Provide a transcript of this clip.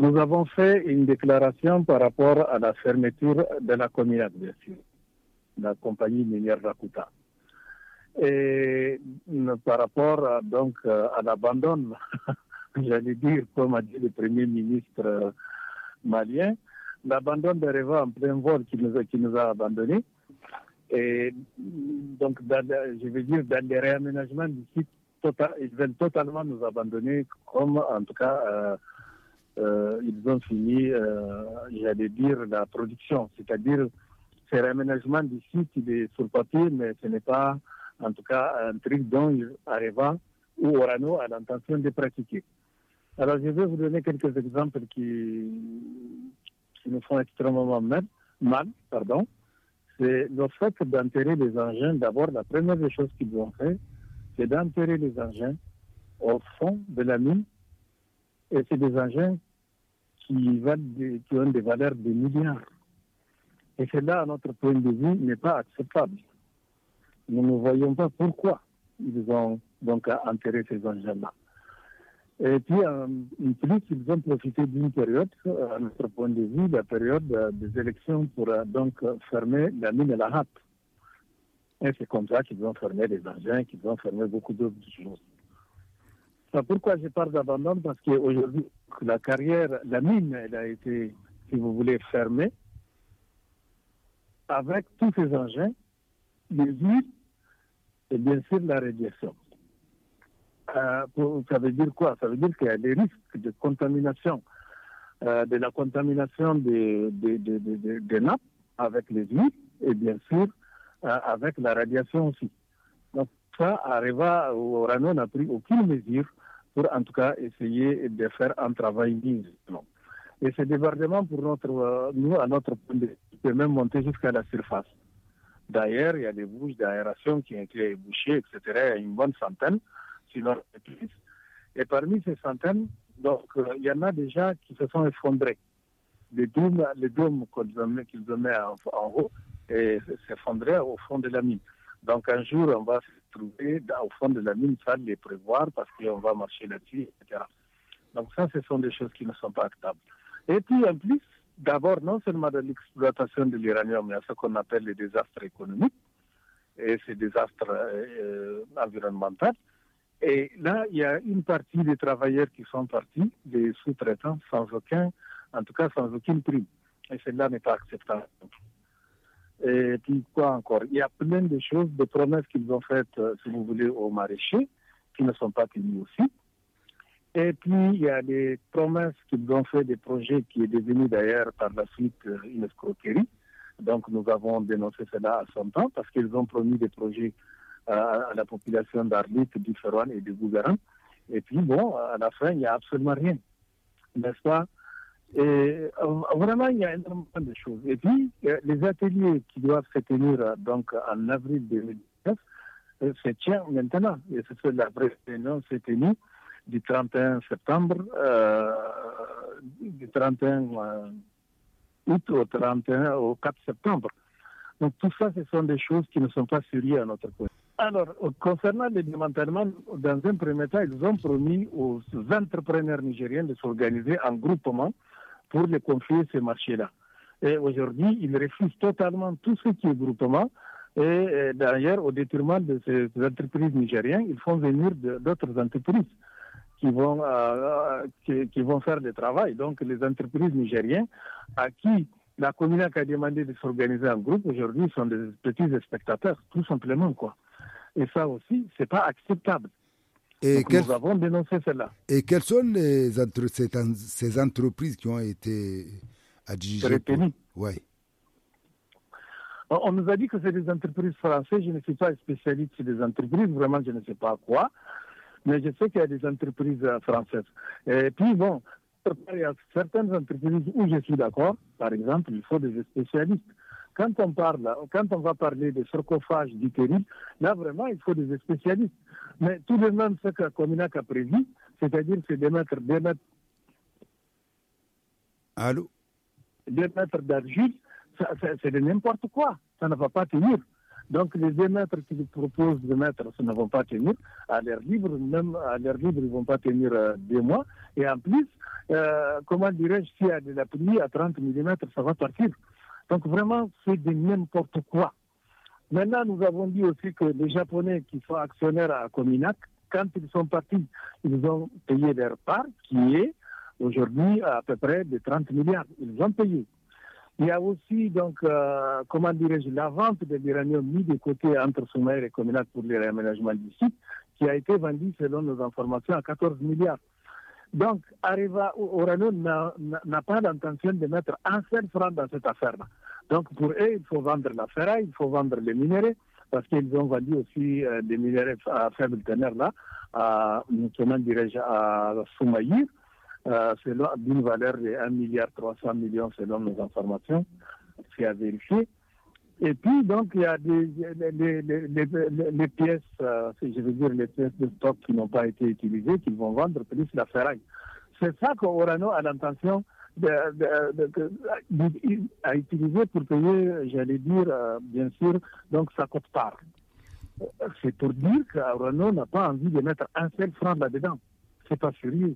Nous avons fait une déclaration par rapport à la fermeture de la bien sûr, la compagnie minière Rakuta. Et mm, par rapport à, donc euh, à l'abandon, j'allais dire, comme a dit le Premier ministre euh, malien, l'abandon de Réva en plein vol qui nous a, qui abandonnés. Et mm, donc, je veux dire, dans les réaménagements du site, tota, ils veulent totalement nous abandonner, comme en tout cas. Euh, euh, ils ont fini, euh, j'allais dire, la production. C'est-à-dire, c'est l'aménagement du site, il est sur papier, mais ce n'est pas, en tout cas, un truc dont Areva ou Orano a l'intention de pratiquer. Alors, je vais vous donner quelques exemples qui, nous me font extrêmement mal. mal pardon. C'est le fait d'enterrer les engins. D'abord, la première des choses qu'ils ont fait, c'est d'enterrer les engins au fond de la mine et c'est des engins qui, ont des valeurs de milliards. Et cela, à notre point de vue, n'est pas acceptable. Nous ne voyons pas pourquoi ils ont donc enterré ces engins-là. Et puis, en plus, ils ont profité d'une période, à notre point de vue, la période euh, des élections pour euh, donc fermer la mine et la hâte. Et c'est comme ça qu'ils ont fermé les engins, qu'ils ont fermé beaucoup d'autres choses. Pourquoi je parle d'abandon Parce qu'aujourd'hui, la carrière, la mine, elle a été, si vous voulez, fermée. Avec tous ces engins, les huiles et bien sûr la radiation. Euh, ça veut dire quoi Ça veut dire qu'il y a des risques de contamination, euh, de la contamination des, nappes avec les huiles et bien sûr euh, avec la radiation aussi ça, au Rano, n'a pris aucune mesure pour en tout cas essayer de faire un travail digne. Et ce débordement, pour notre, euh, nous, à notre point de vue, peut même monter jusqu'à la surface. D'ailleurs, il y a des bouches d'aération qui ont été bouchées, etc. Il y a une bonne centaine, sinon plus. Et parmi ces centaines, donc, euh, il y en a déjà qui se sont effondrés. Les dômes, les qu'ils ont, qu mis en, en haut s'effondraient au fond de la mine. Donc, un jour, on va trouver au fond de la mine sans les prévoir parce qu'on va marcher là-dessus, etc. Donc ça, ce sont des choses qui ne sont pas acceptables Et puis en plus, d'abord, non seulement de l'exploitation de l'uranium, mais à ce qu'on appelle les désastres économiques et ces désastres euh, euh, environnementaux. Et là, il y a une partie des travailleurs qui sont partis, des sous-traitants, sans aucun, en tout cas sans aucune prime. Et celle-là n'est pas acceptable. Et puis quoi encore Il y a plein de choses, de promesses qu'ils ont faites, euh, si vous voulez, aux maraîchers, qui ne sont pas tenues aussi. Et puis, il y a des promesses qu'ils ont fait, des projets qui est devenu d'ailleurs par la suite euh, une escroquerie. Donc, nous avons dénoncé cela à son temps parce qu'ils ont promis des projets euh, à la population d'Arlit, du Ferroin et du Gouverne. Et puis, bon, à la fin, il n'y a absolument rien. N'est-ce pas et euh, vraiment, il y a énormément de choses. Et puis, euh, les ateliers qui doivent se tenir euh, donc, en avril 2019 se tiennent maintenant. Et c'est la presse s'est tenue du 31 septembre, du 31 août au 31 au 4 septembre. Donc tout ça, ce sont des choses qui ne sont pas sérieuses à notre côté. Alors, concernant le démantèlement, dans un premier temps, ils ont promis aux entrepreneurs nigériens de s'organiser en groupement pour les confier ces marchés-là. Et aujourd'hui, ils refusent totalement tout ce qui est groupement. Et d'ailleurs, au détriment de ces entreprises nigériennes, ils font venir d'autres entreprises qui vont, euh, euh, qui, vont faire du travail. Donc, les entreprises nigériennes à qui la commune a demandé de s'organiser en groupe aujourd'hui sont des petits spectateurs, tout simplement, quoi. Et ça aussi, c'est pas acceptable. Et Nous avons dénoncé cela. Et quelles sont ces entreprises qui ont été adjugées ouais. On nous a dit que c'est des entreprises françaises. Je ne suis pas spécialiste les entreprises, vraiment, je ne sais pas quoi. Mais je sais qu'il y a des entreprises euh, françaises. Et puis bon, il y a certaines entreprises où je suis d'accord. Par exemple, il faut des spécialistes. Quand on parle, quand on va parler de sarcophage d'utérus, là vraiment il faut des spécialistes. Mais tout de même ce que Cominac a prévu, c'est-à-dire c'est 2 des mètres, Allô mètres d'argile, c'est de n'importe quoi. Ça ne va pas tenir. Donc les 2 mètres qu'ils proposent de mettre, ça ne vont pas tenir. À l'air libre, même à l'air libre, ils ne vont pas tenir euh, deux mois. Et en plus, euh, comment dirais-je, s'il y a de la pluie à 30 mm, ça va partir. Donc vraiment, c'est de n'importe quoi. Maintenant, nous avons dit aussi que les Japonais qui sont actionnaires à Cominac, quand ils sont partis, ils ont payé leur part, qui est aujourd'hui à peu près de 30 milliards. Ils ont payé. Il y a aussi, donc, euh, comment dirais-je, la vente de l'uranium mis de côté entre Soumaïr et Cominac pour les réaménagements du site, qui a été vendue, selon nos informations, à 14 milliards. Donc, Arriva Orano n'a pas l'intention de mettre un seul franc dans cette affaire-là. Donc, pour eux, il faut vendre la ferraille, il faut vendre les minéraux, parce qu'ils ont vendu aussi euh, des minéraux à faible teneur, là, à, comment à Soumaïr, euh, d'une valeur de 1,3 milliard selon nos informations, c'est à vérifier. Et puis, donc, il y a des, les, pièces, euh, je veux dire, les pièces de stock qui n'ont pas été utilisées, qu'ils vont vendre plus la ferraille. C'est ça qu'Orano a l'intention de, de, pour payer, j'allais dire, euh, bien sûr, donc sa coûte part C'est pour dire qu'Orano n'a pas envie de mettre un seul franc là-dedans. C'est pas sérieux.